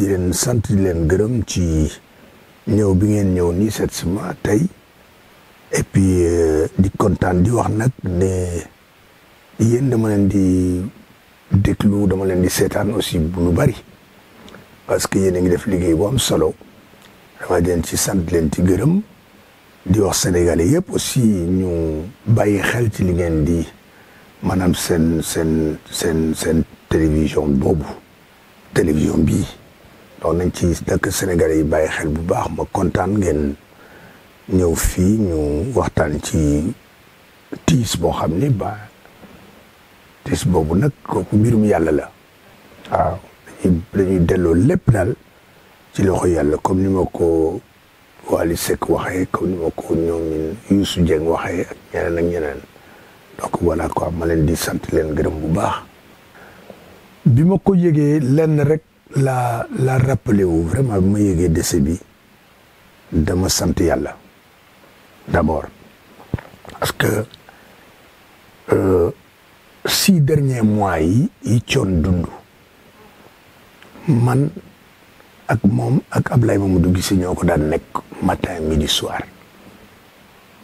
di sant leen gërëm ci ñëw bi ngeen ñëw nii cette semaine tey epi puis euh, di kontaan di wax nag ne yéen dama leen di déglu dama leen di seetaan aussi bu lu bari parce que yéen a ngi def liggéey bu am solo dama leen ci sant leen ci gërëm di wax sénégalais yëpp aussi ñu bàyyi xel ci li ngeen di maanaam seen seen seen seen télévision boobu télévision bii donc nañ ci dëkk Sénégalais yi bàyyi xel bu baax ma kontaan ngeen ñëw fii ñu waxtaan ci tiis boo xam ni ba tiis boobu nag kooku mbirum yàlla la waaw dañuy dañuy delloo lépp daal ci loxo yàlla comme ni ma ko Wally Seck waxee comme ni ma ko ñoom Youssou Dieng waxee ak ñeneen ak ñeneen ko voilà quoi ma leen di sant leen gërëm bu baax bi ma ko yëgee lenn rek laa laa rappelé wu vraiment bi ma yëgee décès bi dama sant yàlla d'abord parce que euh, six derniers mois yi yi coon dund man ak moom ak mu Mamadou si ñoo ko daan nekk matin midi soir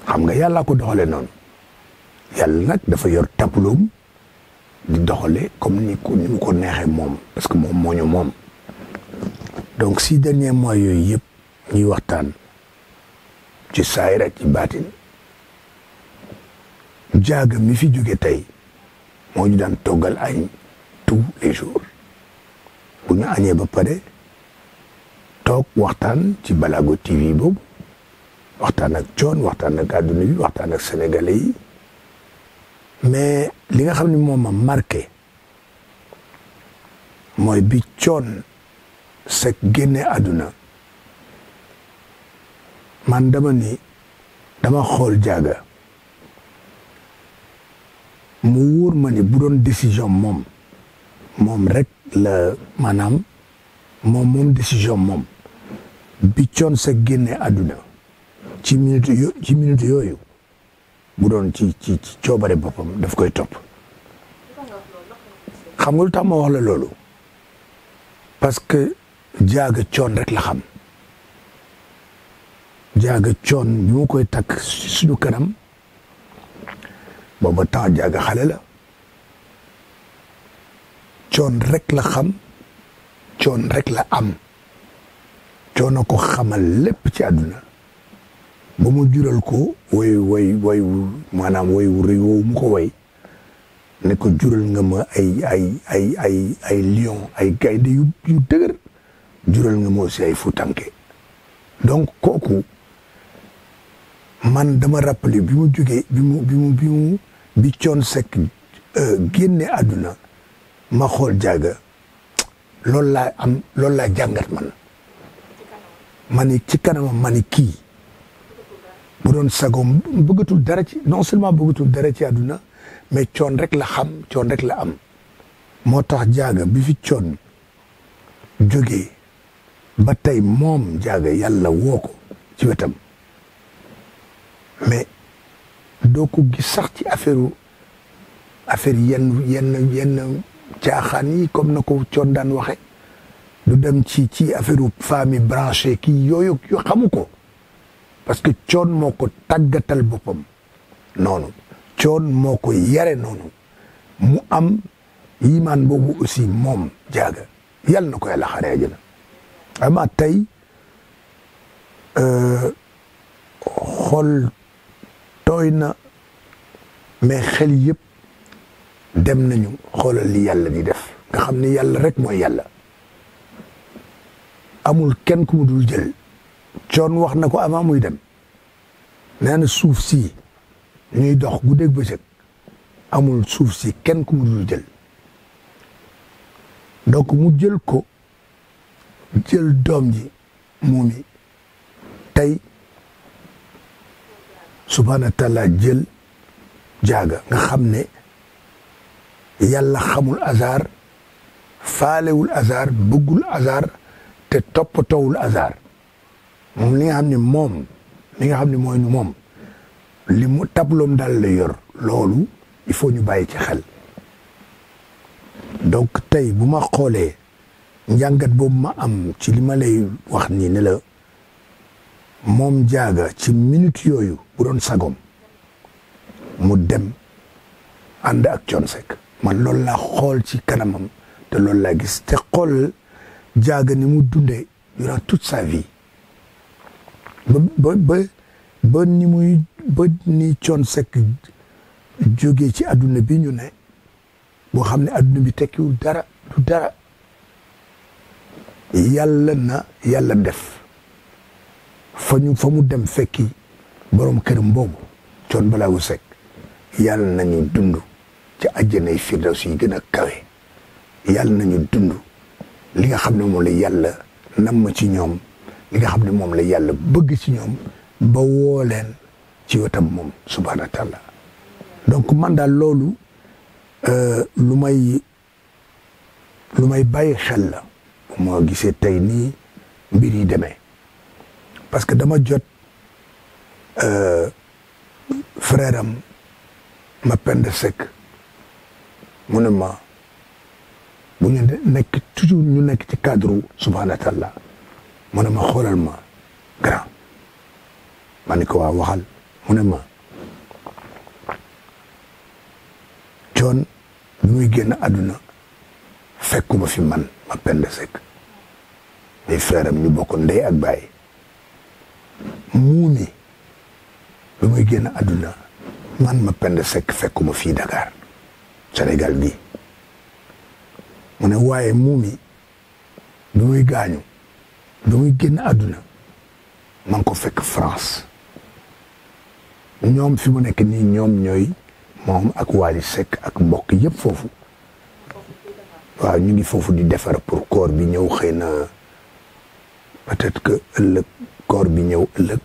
xam nga yàlla ko doxale noonu yàlla nag dafa yor tabloom di doxale comme ni ko ni ko neexee moom parce que moom moo moom donc si dernier mois yooyu yëpp ñuy waxtaan ci saayir ak ci baatin jaaga mi fi jóge tey moo ñu daan toggal añ tous les jours bu ñu añee ba pare toog waxtaan ci Balago TV boobu waxtaan ak coon waxtaan ak àdduna bi waxtaan ak sénégalais yi mais li nga xam ni moom ma marqué mooy bi coon Seck génne àdduna man dama ni dama xool jaaga mu wóor ma ni bu doon décision moom moom rek la maanaam moom moom décision moom bi coon seg génne àdduna ci minute yo yooyu bu doon ci ci ci coobare boppam daf koy topp xam nga lu tax ma wax la loolu parce que jaaga coon rek la xam jaaga coon bi koy takk suñu kanam booba temps jaaga xale la coon rek la xam coon rek la am coono ko xamal lépp ci àdduna ba mu jural ko woy woy way maanaam woy wu rëy woowu mu ko way ne ko jural nga ma ay ay ay ay ay lion ay gaynde yu yu dëgër jural nga ma aussi ay futanke donc kooku man dama rappeler bi mu jógee bi mu bi mu bi coon sekk euh, génne àdduna ma xool jaaga loolu laa jàngat man ma ci kanama mani kii bu doon sagoom bëggatul dara ci non seulement bëggatul dara ci àdduna mais coon rek la xam coon rek la am moo tax jaaga bi fi coon jógee ba tey moom jaaga yàlla woo ko ci wetam mais doo ko gis sax ci affaire affaire yenn yenn yenn caaxaan yi comme na ko coon daan waxe du dem ci ci affaire famille branché kii ki xamu ko parce que coon moo ko tàggatal boppam noonu coon moo ko yare noonu mu am yimaan boobu aussi moom jaaga yàlla na ko yàlla xare ajana ama tey euh, xol tooy na mais xel yëpp dem nañu xoolal li yàlla di def nga xam ne yàlla rek mooy yàlla amul kenn ku mu dul jël coon wax na ko avant muy dem neen suuf si ñuy dox guddeeg bëccëg amul suuf si kenn ku mu jël donc mu jël ko jël doom ji muumi tey subhaana taala jël jaaga nga xam ne yàlla xamul azar faalewul azar bëggul azar te toppatoowul azar moom li nga xam ne moom li nga xam ne mooy moom li mu tabloom daal la yor loolu il faut ñu bàyyi ci xel donc tey bu ma xoolee njàngat boobu ma am ci li ma lay wax nii ne la moom jaaga ci minute yooyu bu doon sagom mu dem ànd ak Thione Seck man loolu laa xool ci kanamam te loolu laa gis te xool jaaga ni mu dundee durant toute sa vie ba ba ba ni muy ba ni Thione Seck jógee ci adduna bi ñu ne boo xam ne adduna bi tekkiwul dara du dara yàlla na yàlla def fa ñu fa mu dem fekki borom këram boobu Thione Ballago Seck na nañu dund ci àjjanay firdaws yi gën a kawe yàlla nañu dund li nga xam ne moom la yàlla nam ma ci ñoom li nga xam ne moom la yàlla bëgg ci ñoom ba woo ci wetam moom subhaana donc man daal loolu euh, lu may lu may bàyyi xel la moo gisee tey nii mbir yi demee parce que dama jot euh, frère am ma pend sec mu ne ma bu ñu nekk toujours ñu nekk ci cadre subhaana mu ne ma xoolal ma grand ma ne ko waa waxal mu ma coon bi muy génn àdduna fekkuma fi man ma pende sek day ñu bokk ndey ak baay muumi bi muy génn àdduna man ma pende sek fekkuma fii Dakar Sénégal gi mu waaye muumi bi muy gaañu ba muy génn àdduna ma ngi ko fekk France ñoom fi mu nekk nii ñoom ñooy moom ak Wally Seck ak mbokk yëpp foofu waaw ñu ngi foofu di defar pour koor bi ñëw xëy na peut-être que ëllëg corps bi ñëw ëllëg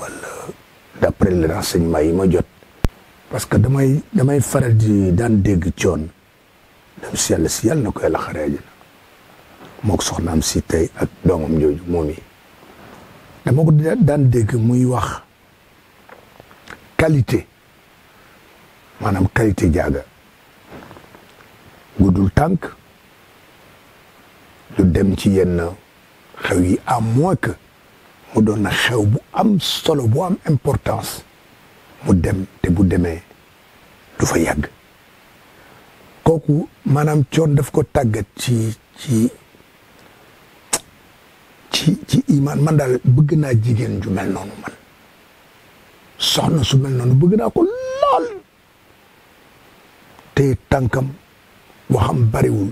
wala d'après les renseignements yi ma jot parce que damay damay faral di daan dégg coon dem si yàlla si yàlla na ko yàlla xaree mook soxnaam si tey ak doomam jooju moomi yi dama ko daan dégg muy wax qualité maanaam qualité jaaga guddul tànk du dem ci yenn xew yi à moins mu doon na xew bu am solo bu am importance mu dem te bu demee du fa yàgg kooku maanaam coon daf ko tàggat ci ci iman man daal bëgg naa jigéen ju mel noonu man soxna su mel noonu bëgg naa ko lool te tànkam waxam bariwul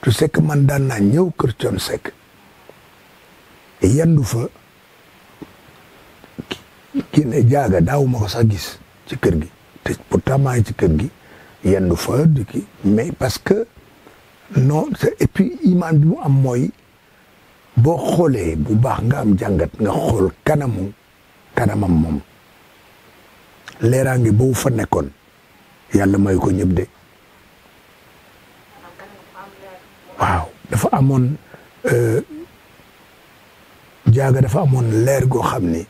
tu sais man daan naa ñëw kër Thione Seck yendu fa kii ne jaaga daaw ma ko sax gis ci kër gi te pourtant maa ci kër gi yendu fa du mais parce que non et puis iman bi mu am mooy boo xoolee bu baax nga am jàngat nga xool kanamu kanamam moom leeraa leeraange boobu fa nekkoon yàlla may ko ñëpp de waaw dafa amoon euh, jaaga dafa amoon leer goo xam ni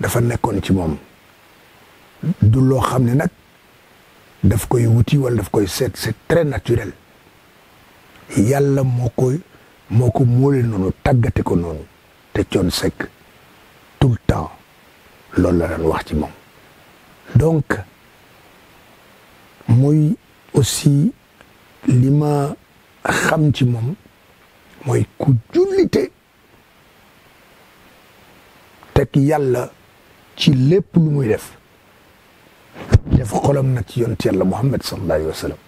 dafa nekkoon ci moom du loo xam ne nag daf koy wuti wala daf koy seet c'est très naturel yàlla moo koy moo ko móole noonu tàggate ko noonu te Thione Seck tout le temps loolu la daan wax ci moom donc muy aussi li ma xam ci moom mooy ku jullite teg yàlla ci lépp lu muy def def xolam nag ci yonent yàlla Muhammad sallallahu alayhi wa sallam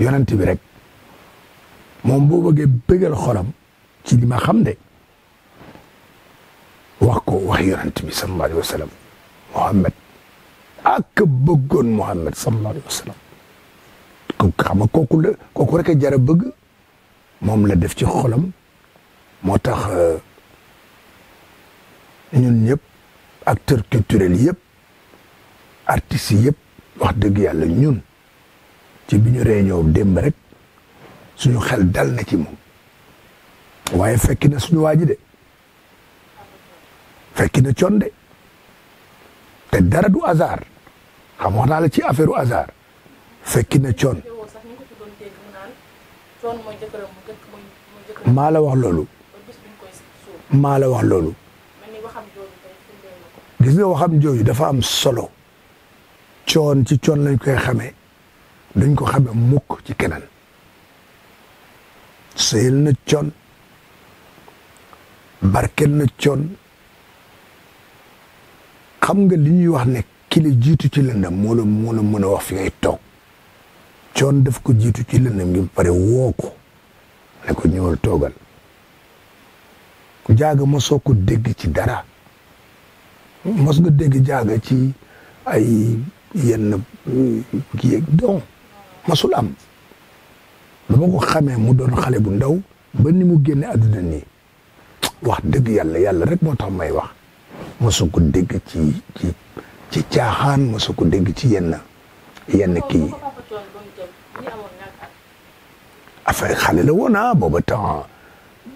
yonent bi rek moom boo bëggee bëggal xolam ci li ma xam de wax ko wax yonent bi sallallahu alayhi wa sallam Muhammad ak bëggoon Muhammad sallallahu alayhi ko xam nga kooku jar a bëgg moom la def ci xolam moo tax euh, ñun ñëpp acteurs culturels yëpp artistes yëpp wax dëgg yàlla ñun ci bi ñu réunion démb rek suñu xel dal na ci moom waaye fekk na suñu waa ji de fekk na con de te dara du hasard xamoon naa ci affaire u hasard fekk na coon maa la wax loolu maa la wax loolu gis nga waxam jooju dafa am solo coon ci coon lañ koy xamee duñ ko xamee mukk ci kenaan seyal na coon barkel na coon xam nga li ñuy wax ne ki jiitu ci lëndam moo la moo mën a wax fi ngay toog coon daf ko jiitu ci lëndam gi pare woo ko ne ko ñëwal toogal jaaga mosoo ko dégg ci dara mos nga dégg jaaga ci ay yenn kii yeeg masul am lu ma ko xamee mu doon xale bu ndaw ba ni mu génne adduna nii wax dëgg yàlla yàlla rek moo tax may wax mosu ko dégg ci ci ci caaxaan mosu ko dégg ci yenn yenn kii affaire xale la woon ah booba temps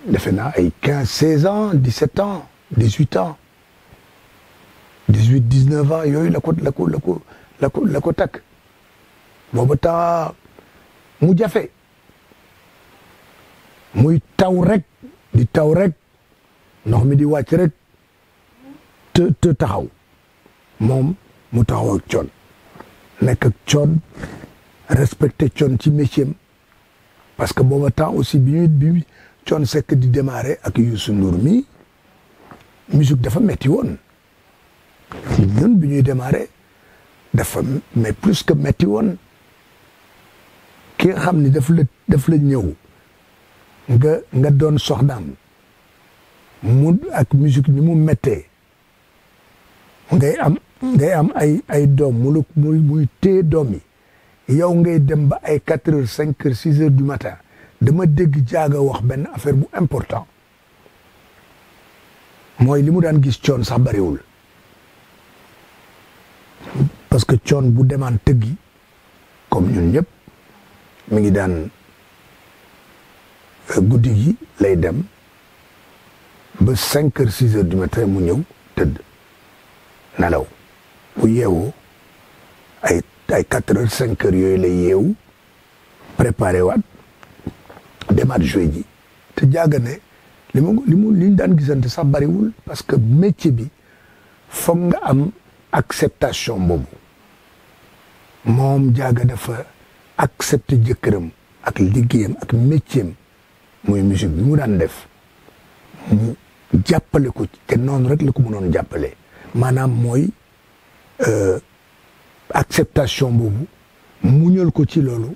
defe naa ay quinze seize ans dix sept ans dix huit ans dix huit dix neuf ans yooyu la ko la ko la ko la ko la jafe muy taw rek di taw rek ndox mi di wàcc rek te taxaw moom mu taxaw ak coon nekk coon respecté coon ci métier parce que booba temps aussi bi ñuy bi coon sekk di démarrer ak Youssou Ndour mi musique dafa metti woon bi ñuy démarrer dafa que metti woon ki nga xam ni daf la daf la ñëw nga nga doon daan mu ak musique bi mu méttee ngay am ngay am ay ay doom mu lu muy muy téye doom yi yow ngay dem ba ay quatre heures cinq heures six heures du matin dama dégg jaaga wax benn affaire bu important mooy li mu daan gis coon sax bariwul parce que coon bu demaan tëggi comme ñun ñëpp mi ngi daan guddi gi lay dem ba cinq heures six mu ñëw tëdd nelaw bu yeewoo ay ay quatre cinq heures yooyu lay yeewu préparé waat demaat joué ji te jaaga ne li mu li mu daan gisante sax bariwul parce que métier bi foog nga am acceptation boobu moom jaaga dafa accepté jëkkëram ak liggéeyam ak métier muy musique bi mu daan def mu jàppale ko te noonu rek la ko mënoon jàppale maanaam mooy euh, acceptation boobu muñal ko ci loolu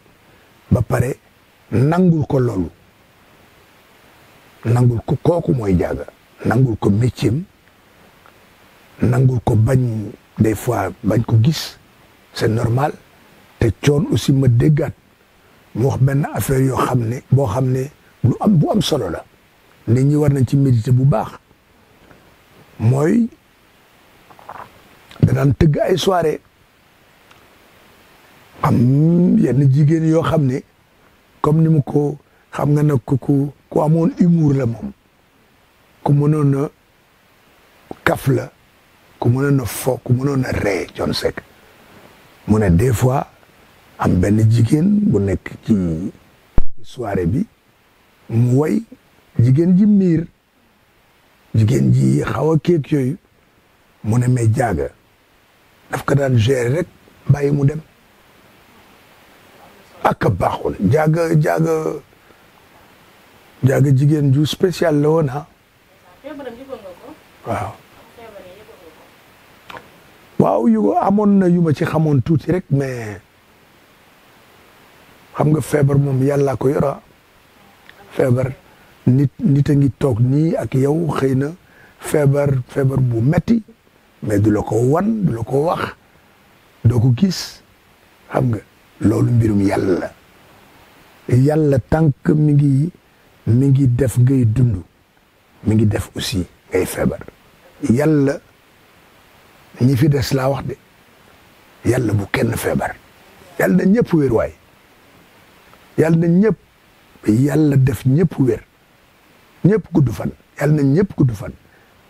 ba pare nangul ko loolu nangul ko kooku mooy jaaga nangul ko métier nangul ko bañ des fois bañ ko gis c'est normal te coon aussi ma déggaat mu wax benn affaire yoo xam ne boo xam ne lu bu am solo la nit ñi war nañ ci méditer bu baax mooy danaan tëgg ay soirée am yenn jigéen yoo xam ne comme ni mu ko xam nga nag ku ku amoon humour la moom ku mënoon a kaf la ku mënoon a fo ku mënoon a ree Thione Seck mu ne des fois am benn jigéen bu nekk ci soirée bi mu way jigéen ji miir jigéen ji xaw a keek yooyu mu ne mais jaaga daf ko daan gérer rek bàyyi mu dem ak baaxul jaaga jaaga jaaga jigéen ju spécial la woon ah waaw waaw amoon na yu ci xamoon tuuti rek mais xam nga feebar moom yàlla ko yora feebar nit nit a ngi toog nii ak yow xëy na feebar feebar bu metti mais du la ko wan du la ko wax doo ko gis xam nga loolu mbirum yàlla yàlla tànk mi ngi mi ngi def ngay dund mi ngi def aussi ngay feebar yàlla ñi fi des laa wax de yàlla bu kenn feebar yàlla na ñëpp wér waay yàlla na ñëpp ba yàlla def ñëpp wér ñëpp gudd fan yàlla nañ ñëpp gudd fan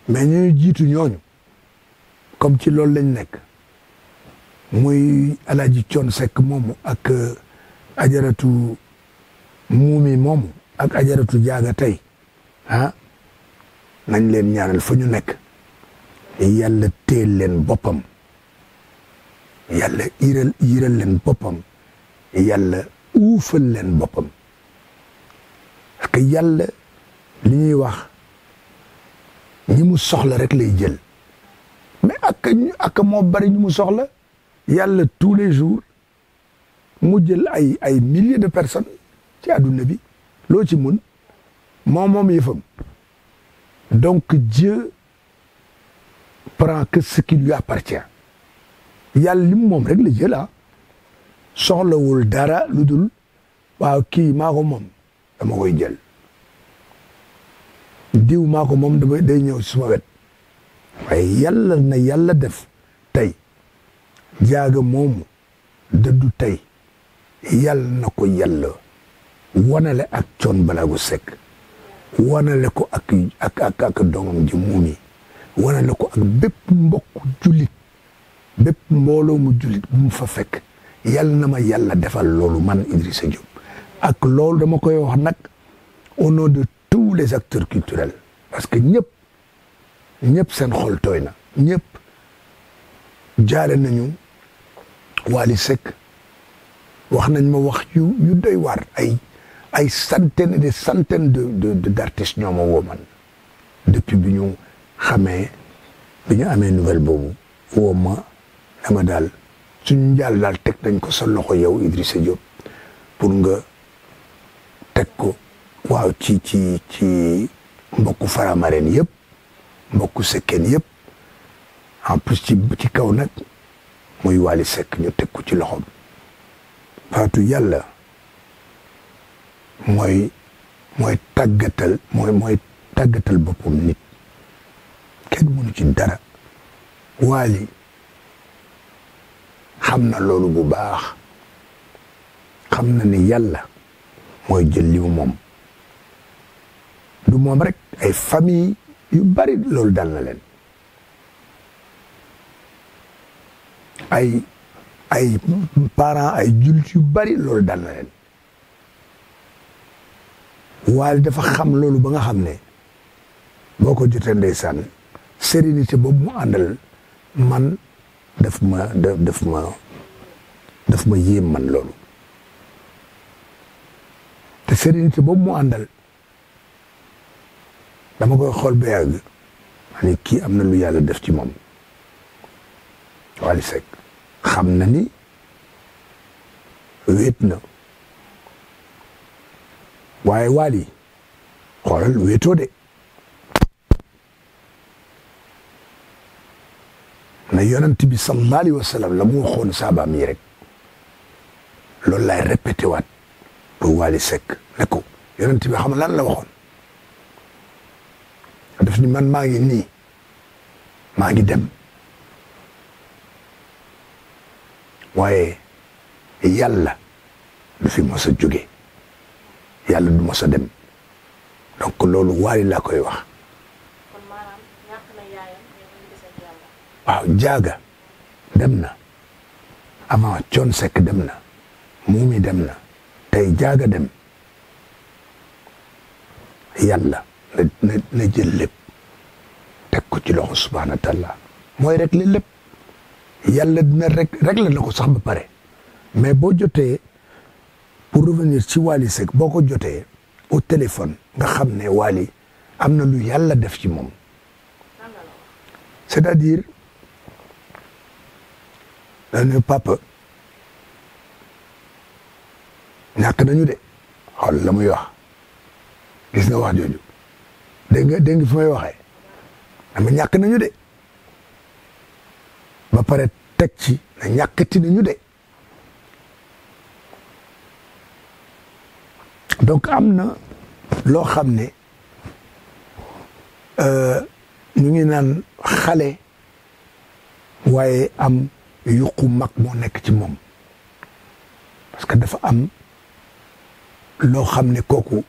mais ñu jiitu ñooñu comme ci loolu lañ nekk muy alaaji coon sekk moomu ak euh, ajaratu muumi moomu ak ajaratu jaaga tey ah, nañ leen ñaanal fa ñu nekk yàlla teel leen boppam yàlla iral leen boppam yàlla uufal leen boppam parce que yàlla li ñuy wax ñi mu soxla rek lay jël mais ak moo bari ñi mu soxla yàlla tous les jours mu jël ay ay milliers de personnes ci àdduna bi loo ci mun moom moom yëfam donc Dieu prend que ce qui lui appartient yàlla li mu moom rek la jël ah soxlawul dara lu dul waaw kii maa dama koy jël diw maa ko moom damay day ñëw suma wet waaye yàlla na yàlla def tey jaaga moomu dëddu tey yàlla na ko yàlla wanale ak coon balaagu sekk wanale ko ak ak ak ak ji muumi wanale ko ak bépp mbokk jullit bépp mbooloo mu jullit bu mu fa fekk yàlla na ma yàlla defal loolu man Idrissa Diop ak loolu dama koy wax nag au nom de tous les acteurs culturels parce que ñëpp ñëpp seen xol tooy na ñëpp jaale nañu Wally sek wax nañ ma wax yu yu doy waar ay ay centaines et de de d'artistes ñoo ma man depuis bi ñu xamee bi ñu amee nouvelle boobu woo ma dama daal suñu jàll daal teg nañ ko sa loxo yow Idrissa Diop pour nga teg ko waaw ci ci ci mbokku Faramareen yëpp mbokku Sekkeen yëpp en plus ci ci kaw nag muy Wally teg ko ci loxoom faatu yàlla mooy mooy tàggatal mooy mooy tàggatal boppam nit kenn mënu ci dara Wally xam na loolu bu baax xam na ni yàlla mooy jël li moom du moom rek ay famille yu bari loolu dal na leen ay ay parent ay jullit yu bari loolu dal na leen waaye dafa xam loolu ba nga xam ne boo ko jotee ndeysaan sérénité boobu mu àndal man daf ma daf ma daf man loolu te sérénité boobu mu àndal dama koy xool ba yàgg ma ne kii am na lu yàlla def ci moom Wally Seck xam na ni wéet na waaye Wally xoolal wéetoo de na yonent bi sallallahu alayhi wa la mu waxoon saabaam yi rek loolu laay répété waat ba Waly Seck ne ko yonent bi xam lan la waxoon daf ni man maa ngi nii maa ngi dem waaye yàlla du fi mos a jóge yàlla du mos a dem donc loolu Waly laa koy wax waaw jaaga dem na avant Thione Seck dem na Moumi dem na tey jaaga dem yàlla na jël lépp teg ko ci loxo subhaanahu wa taala mooy rek li lépp yàlla dina rek rek la na ko sax ba pare mais boo jotee pour revenir ci Wally sek boo ko jotee au téléphone nga xam ne Wally am na lu yàlla def ci moom c'est-à-dire dañu papa ñàkk nañu de xool la muy wax gis nga wax jooju dégg nga dégg nga fi may waxee dama ñàkk nañu de ba pare teg ci na ñàkkati nañu de donc am na loo xam ne euh, ñu ngi naan xale waaye am yuqu mag moo nekk ci moom parce que dafa am loo xam ne kooku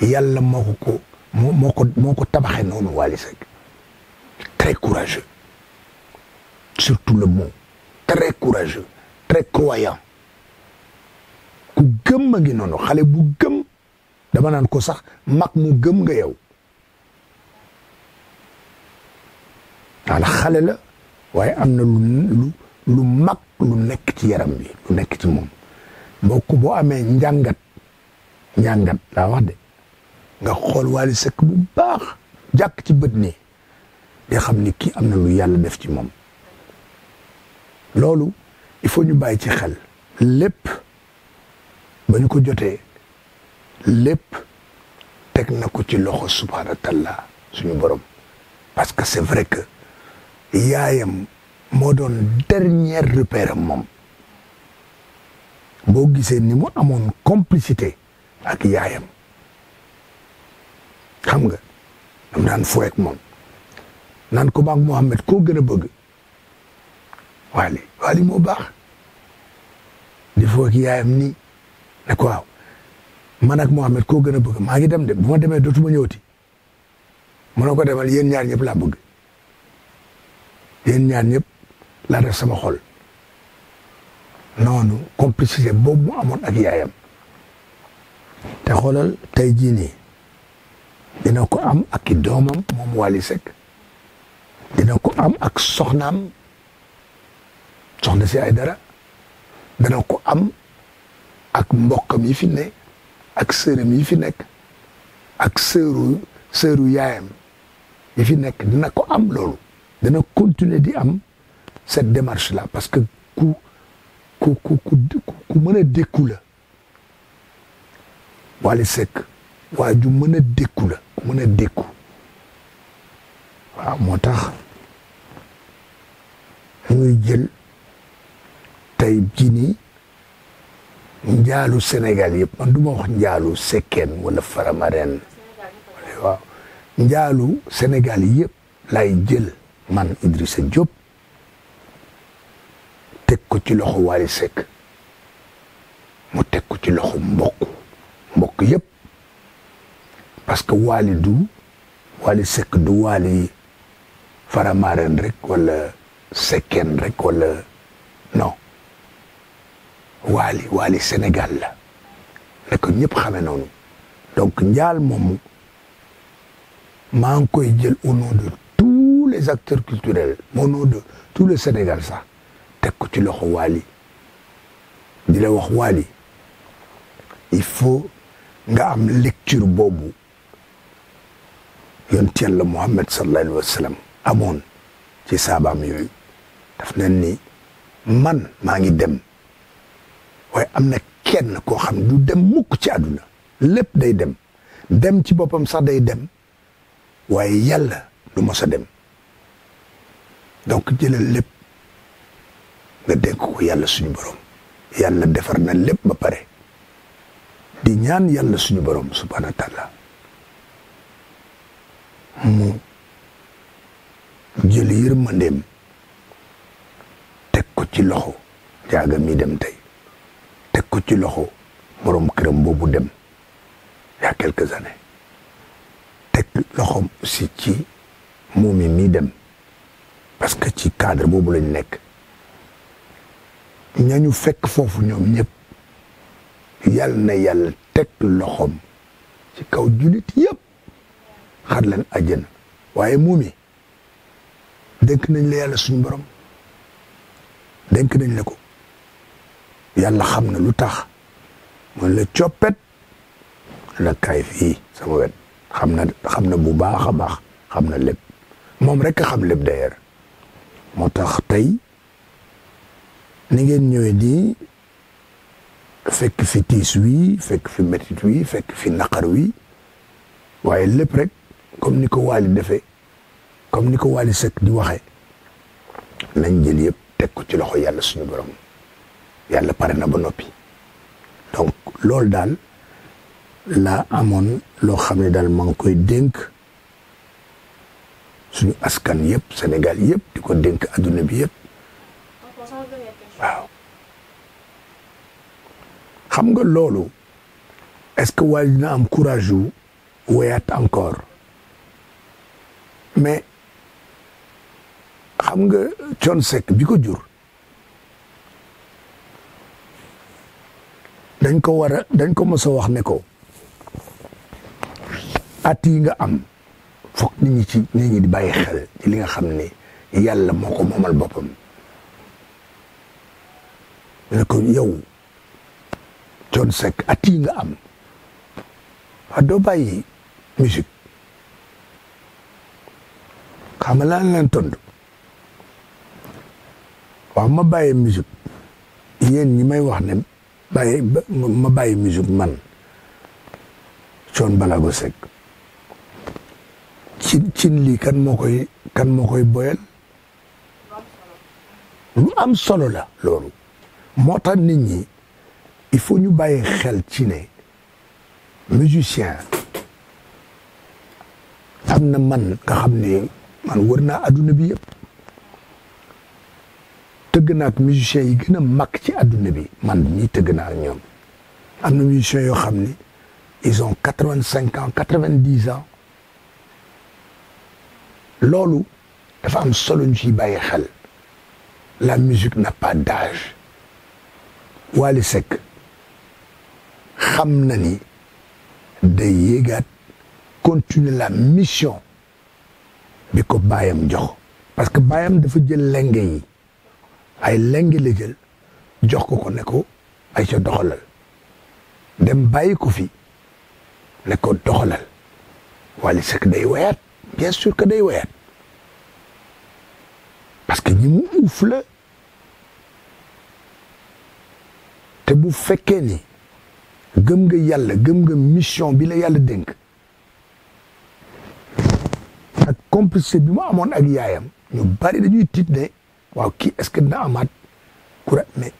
yàlla moo ko moo ko moo ko tabaxee noonu Wally Seck très courageux surtout le mot très courageux très croyant ku gëm a noonu xale bu gëm dama naan ko sax mag mu gëm nga yow wala xale la waaye am na lu lu mag lu nekk ci yaram bi lu nekk ci moom boo ko boo amee njàngat ñaangat laa wax de nga xool Wally Seck bu baax jàkk ci bët ni di xam ni kii am na lu yàlla def ci moom loolu il faut ñu bàyyi ci xel lépp ba ñu ko jotee lépp teg na ko ci loxo subhaana taala suñu borom parce que c'est vrai que yaayam moo doon dernier repère moom boo gisee ni mu amoon complicité ak yaayam xam nga am daan foo ak moom naan ko baag Mouhamed koo gën a bëgg Wally Wally moo baax di foo ak yaayam nii ne ko waaw man ak Mouhamed koo gën a bëgg maa ngi dem de bu ma demee dootuma ñëwati mënoo ko demal yéen ñaar ñëpp laa bëgg yéen ñaar ñëpp laa def sama xol noonu complicité boobu mu amoon ak yaayam te xoolal tey jii nii dina ko am ak doomam moom Wally Seck dina ko am ak soxnaam soxna si ay dara dana ko am ak mbokkam yi fi ne ak sëram yi fi nekk ak sëru sëru yaayam yi fi nekk dina ko am loolu dana continuer di am cette démarche là parce que ku ku ku ku ku mën a dékku la Wally Seck waa ju mën a dékku la mën a dékku waaw moo tax ñuy jël tey jii nii njaalu Sénégal yëpp man du wax njaalu Sekkeen wala Faramaren waaw njaalu Sénégal yëpp lay jël man Idrissa Diop teg ko ci loxo Wally Seck mu teg ko ci loxo mbokk mbokk yëpp parce que waali du waali sekk du waali faramaaren rek wala sekkeen rek wala non waali waali Sénégal la ne ko ñëpp xame noonu donc njaal moomu maa ngi koy jël au de tous les acteurs culturels au nom de tout le Sénégal sa teg ko ci loxo waali di la wax waali il faut nga am lecture boobu yonent Yàlla Muhammad sallallahu alayhi amoon ci saabaam yooyu daf leen ni man maa ngi dem waaye am na kenn koo xam du dem mukk ci àdduna lépp day dem dem ci boppam sax day dem waaye yàlla du mos a dem donc jëlal lépp nga dénk ko yàlla suñu borom yàlla defar na lépp ba pare di ñaan yàlla suñu borom subhanahu wa taala mu jël yërmandeem teg ko ci loxo jaaga mi dem tey teg ko ci loxo borom këram boobu dem il y a teg loxom si ci moomi mi dem parce que ci cadre boobu lañ nekk ñañu fekk foofu ñoom ñëpp yal na yàlla teg loxoom ci kaw julit yëpp xar leen àjjana waaye muumi dénk nañ la yàlla suñu borom dénk nañ la ko yàlla xam na lu tax mën la coppet la kaay fii sama wet xam na xam na bu baax a baax xam na lépp moom rek a xam lépp d'ailleurs moo tax tey ni ngeen fekk fi tiis wi fekk fi métit wi fekk fi naqar wi waaye lépp rek comme ni ko Waly defee comme ni ko Waly Seck di waxee nañ jël yëpp teg ko ci loxo yàlla suñu borom yàlla pare na ba noppi donc loolu daal laa amoon loo xam ne daal maa ngi koy dénk suñu askan yëpp senegal yëpp di ko dénk adduna bi yëpp xam nga loolu est-ce que waa dina am courage wu woyaat encore mais xam nga con sec bi ko jur dañ ko war a dañ ko mos a wax ne ko at yi nga am foog nit ñi ci nit ñi di bàyyi xel ci li nga xam ni yàlla moo ko moomal boppam ne ko yow Thione Seck at yi nga am wax ah, doo bàyyi musique xam nga lan leen tontu ma bàyyi musique yéen ñi may wax ne bàyyi ma bàyyi musique man Thione Ballago Seck cin cin lii kan moo kan moo koy boyal am solo la loolu moo tax nit il faut ñu bay xel ci ne musicien am na man nga xam ni man wër naa adduna bi yëpp tëgg naa ak musicien yi gën a mag ci adduna bi man ñii tëgg naa ak ñoom am na musicien yoo xam ni ils ont quatre vingt cinq ans quatre vingt dix ans loolu dafa am solo ñu ciy bàyyi xel la musique n'a pas d'âge Wally Seck xam na ni day yéegaat continuer la mission bi ko baayam jox parce que baayam dafa jël lenge yi ay lenge la jël jox ko ko ne ko ay ca doxalal dem bàyyi ko fi ne ko doxalal Wally Seck day wayaat bien sûr que day wayaat parce que ñi mu uuf la te bu fekkee ni gëm nga yàlla gëm nga mission bi la yàlla dénk ak complicité bi mu amoon ak yaayam ñu bari dañuy tiit ne waaw kii est-ce que dina amaat kura mais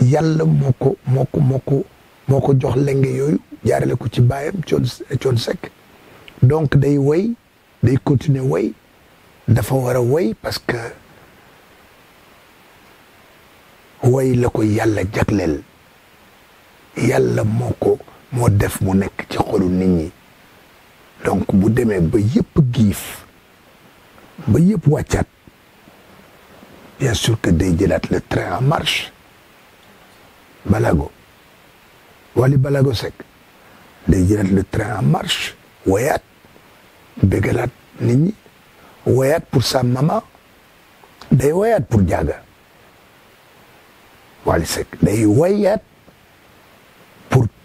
yàlla moo ko moo jox lenge yooyu jaarale ko ci baayam coon coon donc day woy day continue woy dafa war a woy parce que woy la ko yàlla jagleel yàlla moo ko moo def mu nekk ci xolu nit ñi donc bu demee ba yëpp giif ba yëpp wàccaat bien sûr que day jëlaat le train en marche balago wali balago sec day jëlaat le train en marche woyaat bégalaat nit ñi woyaat pour sa maman day woyaat pour jaaga wali sec day woyaat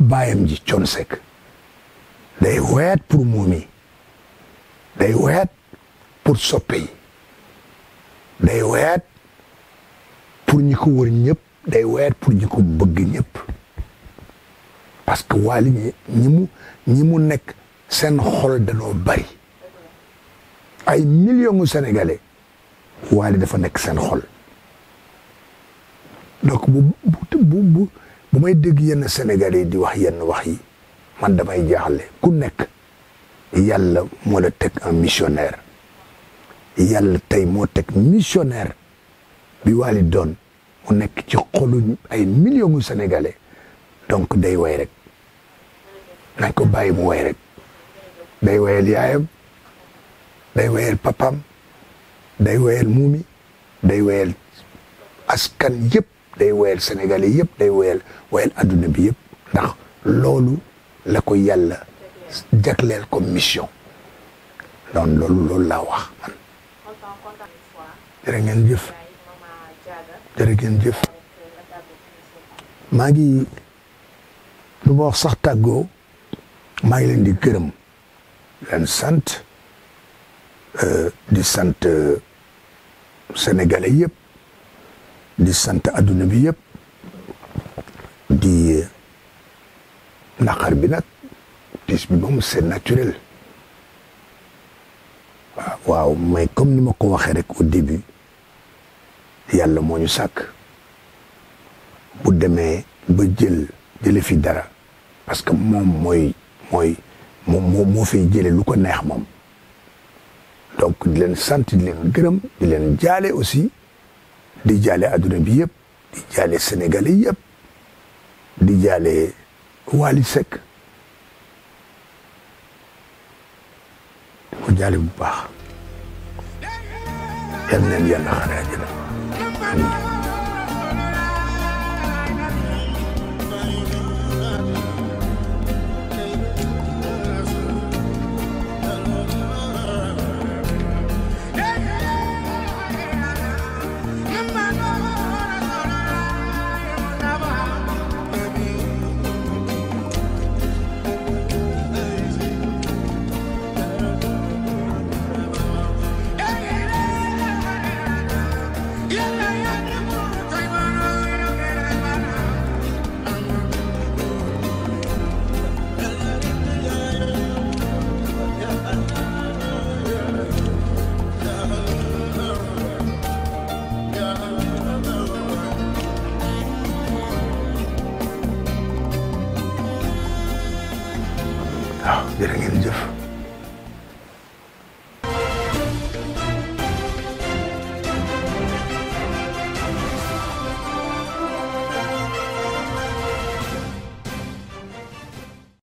baayam ji Thione Seck day wéyaat pour moom yi day wéyaat pour soppe yi day wéyaat pour ñi ko wër ñëpp day wéyaat pour ñi ko bëgg ñëpp parce que Wally ñi ñi mu nekk seen xol danoo bari ay millions u sénégalais dafa nekk seen xol donc bu bu bu. bu may dégg yenn Sénégalais di wax yenn wax yi man damay jaaxle ku nekk yàlla moo teg un missionnaire yàlla tey moo teg missionnaire bi Wally doon mu nekk ci xolu ay millions mu Sénégalais donc day way rek nañ ko bàyyi mu way rek day wayal yaayam day wayal papaam day wayal muumi day wayal askan yëpp day woyal sénégalais yëpp day woyal woyal adduna bi yëpp ndax loolu la ko yàlla jagleel ko mission donc loolu loolu laa wax man jërë ngeen jëf jërë ngeen jëf maa ngi lu ma wax sax tàggoo maa ngi leen di gërëm leen sant euh, di sant euh, sénégalais yëpp di sant adduna bi yëpp di naqar bi nag tiis bi moom c'est naturel waaw mais comme ni ma ko waxee rek au début yàlla moo ñu sàkk bu demee ba jël jële fi dara parce que moom mooy mooy moom moo fay jële lu ko neex moom donc di leen sant di leen gërëm di leen jaalee aussi di jaale adduna bi yëpp di jaale sénégalais yëpp di jaale Wally di jaale bu baax yal na leen yàlla xaaree àjjana